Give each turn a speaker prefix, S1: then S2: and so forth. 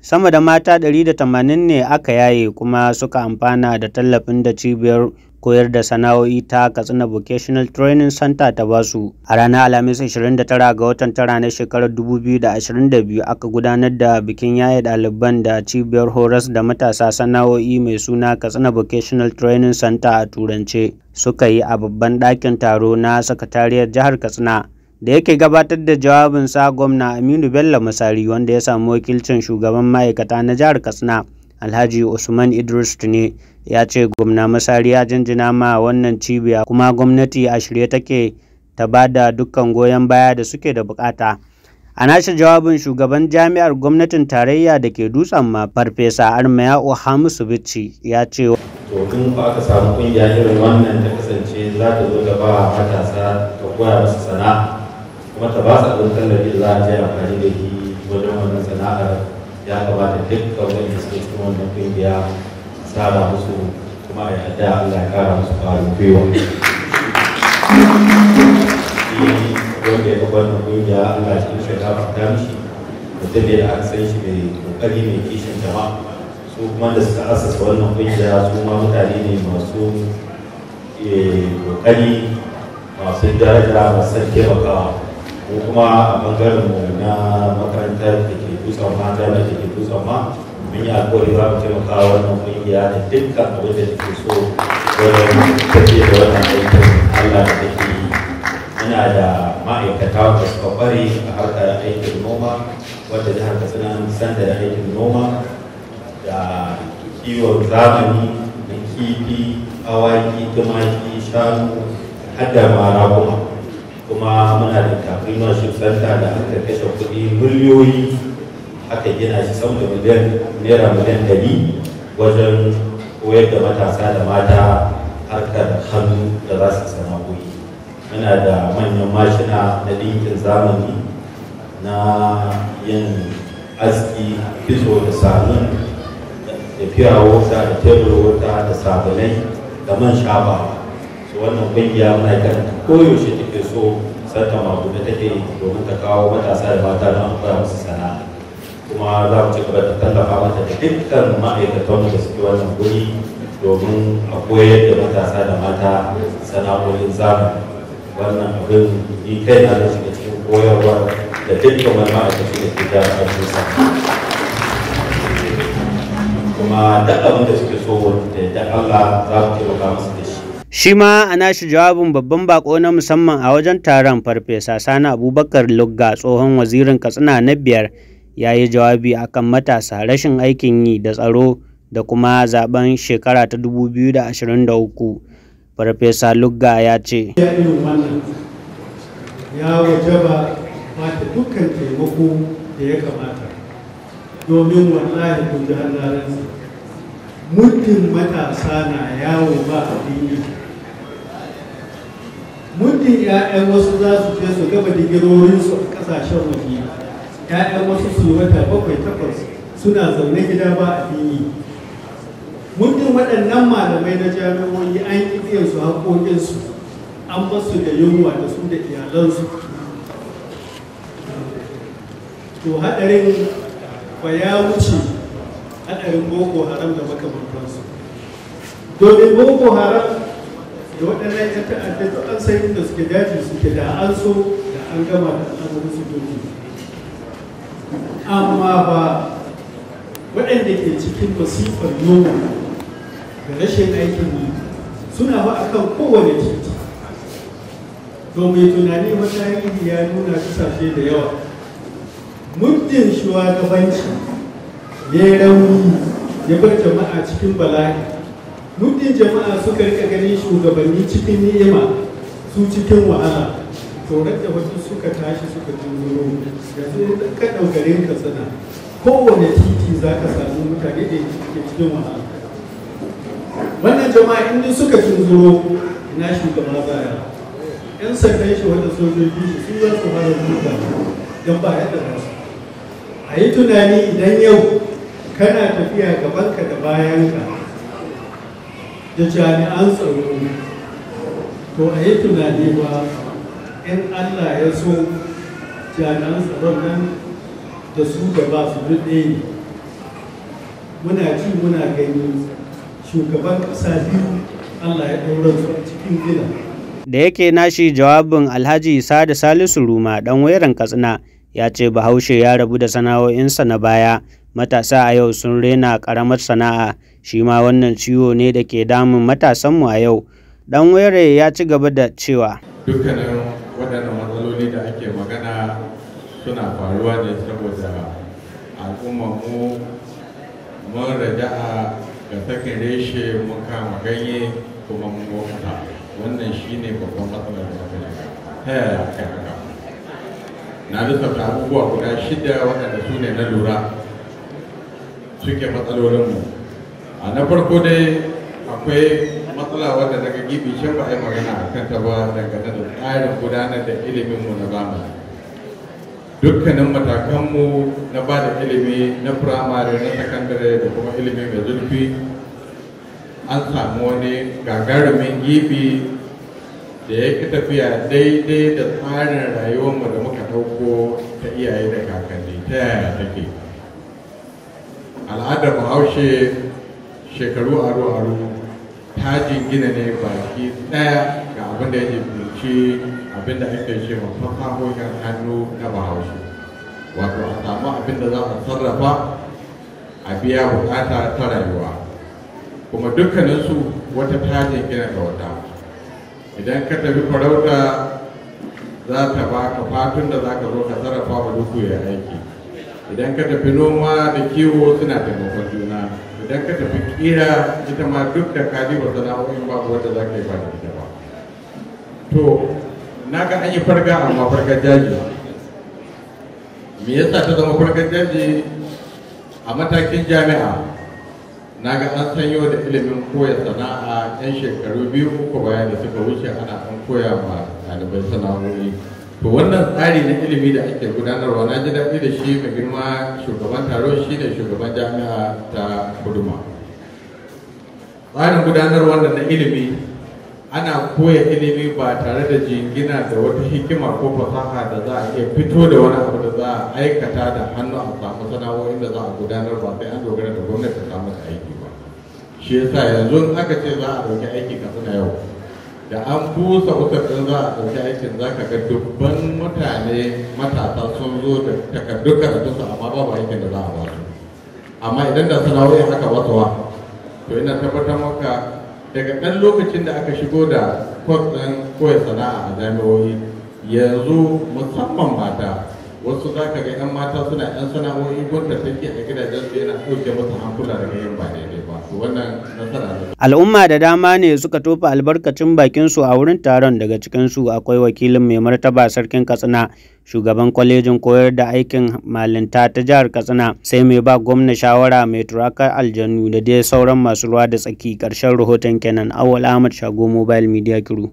S1: Sama da mata 180 ne aka yaye kuma suka amfana da tallafin da cibiyar koyar da sana'o'i ta Katsina Vocational Training Center ta basu. A ranar Alhamis 29 ga watan tara na shekarar 2022 aka gudanar da bikin yaye ɗaliban da cibiyar horas da matasa sana'o'i mai suna Katsina Vocational Training Center a Turance suka yi a babban ɗakin taro na sakatariyar jihar Katsina. da yake gabatar da jawabinsa gwamna aminu bello musari wanda ya samu wakilcin shugaban ma'aikata na jihar katsina alhaji usman idris tuni ya ce gwamna masari ya jinjina ma wannan cibiya kuma gwamnati a shirye take ta ba da dukkan goyon baya da suke da bukata a nashi jawabin shugaban jami'ar gwamnatin tarayya da ke dutsen ma farfesa armaya hamisu bici ya ce to in ba aka samu
S2: kungiya irin wannan ta kasance za ta zo da ba matasa ta koya musu sana'a kuma ta ba sa abin tallafi da za a je amfani da shi wajen wannan sana'ar ya kamata duk wani da suke cikin wannan kungiya saba musu kuma ya haɗa Allah ya kara musu ƙwarin gwiwa. wanda ya wannan kungiya Allah ya cikin shaita fita mishi mutum ne da aka san shi mai kokari mai kishin jama'a su kuma da suka asasa wannan kungiya su ma mutane ne masu kokari eh, masu daraja masu taimakawa ko kuma a bangaren mu na makarantar da ke dutsen mata da ke dutsen ma mun yi alƙawari za mu taimaka wannan kungiya da dukkan abin da take so wajen tafiya da wannan aikin Allah da take yi ina da ma'aikata da suka kware a harkar aikin noma wadda jihar katsina suna san da aikin noma da kiwon zamani da kifi awaki tumaki shanu har da ma kuma muna da kafin mashin santa da aka kashe kuɗi miliyoyi aka gina shi sama da miliyan naira miliyan ɗari wajen koyar da matasa da mata harkar hannu da za su sana'o'i muna da manyan mashina na ɗinkin zamani na yin aski fito da salon da fiyawo da tebur wuta da sabulai da man shaba. wannan kungiya muna kan koyaushe take so mabu da take domin ta kawo matasa da mata don koya musu sana'a kuma za mu ci gaba da tallafa mata da dukkan ma'aikatan da suke wannan guri domin a koyar da matasa da mata sana'o'in zamani wannan abin ni kai na da shiga cikin koyarwa da dukkan wani ma'aikaci da ke da ƙarfinsa kuma duk abin da suke so da Allah za mu taimaka
S1: musu da Shi ma a nashi jawabin babban bako na musamman a wajen taron farfesa Sani Abubakar Lugga tsohon wazirin Katsina na biyar ya yi jawabi akan matasa rashin aikin yi da tsaro da kuma zaben shekara ta 2023. Farfesa Lugga ya ce.
S3: Ya wajaba ba ta dukkan taimako da ya kamata domin wallahi kun ji muddin matasa na yawo ba a yi muddin 'ya'yan wasu za su je su gaba digirorinsu a kasashen waje 'ya'yan wasu su wata bakwai takwas suna zaune gida ba abin yi muddin waɗannan malamai na jami'o'i an yi iya su haƙoƙinsu an basu da yunwa da su da iyalansu to haɗarin ba ya wuce haɗarin boko haram da makamantansu domin boko haram da waɗannan ya ta'adda an sai inda suke daji suke da an so da an gama da al'amuran su doki amma ba waɗanda ke cikin masifar noma da rashin aikin yi suna ba akan kowane titi domin tunani wata yi ya nuna kasashe da yawa muddin shugabanci ya rauni ya bar jama'a cikin bala'i nudin jama'a suka rika ganin shugabanni cikin ni'ima su cikin wahala taurar da wasu suka tashi suka juro yanzu ka ɗaukarin ka suna kowane titi za ka samu mutane da ke cikin wahala wannan jama'a in suka tunzuro ina shugaba zaya yan sandan shi wanda sojoji shi su za su fara duka don ba yadda ba a yi tunani idan yau kana tafiya gabanka da bayanka da jami'an tsaro to a yi tunani ba in allah ya so jami'an tsaron nan da su da ba su ɗaya ne muna ji muna gani shugaban ƙasa biyu allah ya ɗaura su a cikin gida
S1: da yake nashi jawabin alhaji isa da salisu ruma ɗan wairan katsina ya ce bahaushe ya rabu da sana'o'insa na baya matasa a yau sun rena ƙaramar sana'a shi ma wannan ciwo ne da ke damun matasanmu a yau dan were ya ci gaba da cewa
S4: dukkanin waɗannan matsaloli da ake magana suna faruwa ne saboda al'ummarmu mun raja'a ga sakin reshe mun kama ganye kuma mun mota wannan shine babban matsalar da ta yaya kai haka na lissafta abubuwa guda shida waɗanda su ne na lura suke matsalolinmu a na farko dai akwai matsala wadda daga gibi shan ba a yi magana a kanta ba daga da tsarin gudanar da iliminmu na zamani dukkanin matakanmu na ba da ilimi na firamare na sakandare da kuma ilimi mai zurfi an samu wani gagarumin gibi da ya ki tafiya daidai da tsarin rayuwarmu da muka ɗauko ta iyaye da kakanni ta yaya take al'adar bahaushe shekaru aro aro ta jingina ne baki ɗaya ga abin da ya jibinci abin da ake ce ma fasahohin hannu na bahaushe wato a samu abin da za a sarrafa a biya bukata ta rayuwa kuma dukkaninsu wata tajin gina ga wata idan ka tafi farauta za ta ba ka fatun da za ka zo ka sarrafa wa duku ya aiki idan ka tafi noma da kiwo suna taimakon juna idan ka tafi kira ita ma duk da kaji ba sana'o'in babu wanda za ka yi ba da ba to na ga an yi farga amma farkar jaji. me yasa ta zama farkar jaji a matakin jami'a na ga an sanyo da ilimin koya sana'a 'yan shekaru biyu uku bayan da suka wuce ana an koya ma ɗalibai sana'o'i to wannan tsari na ilimi da ake gudanarwa na ji daɗi da shi mai girma shugaban taro shi ne shugaban jami'a ta kuduma tsarin gudanar wannan na ilimi ana koya ilimi ba tare da jingina da wata hikima ko fasaha da za a iya fito da wani abu da za a aikata da hannu a samu sana'o'in da za a gudanar ba sai an dogara da gwamnati ta samu aiki ba shi yasa yanzu aka ce za a ɗauki aiki kafin yau da an busa wutar ɗin za a ɗauki aikin za ka ga dubban mutane matasa sun zo da takardun su amma babu aikin da za a ba su amma idan da sana'o'i haka wasuwa, to ina tabbatar maka daga ɗan lokacin da aka shigo da kwas ɗin koya sana'a a jami'o'i yanzu musamman mata wasu za ka ga 'yan mata suna 'yan sana'o'i gwamnati take a gidajen su yana ɗauke musu hankula daga yin ba daidai
S1: Al'umma da dama ne suka tofa albarkacin bakin su a wurin taron daga cikin su akwai wakilin mai martaba sarkin Katsina, shugaban kwalejin koyar da aikin malinta ta jihar Katsina, sai mai ba gwamna shawara mai turaka aljanu da dai sauran masu ruwa da tsaki karshen rahoton kenan Awal Ahmad Shago Mobile Media Crew.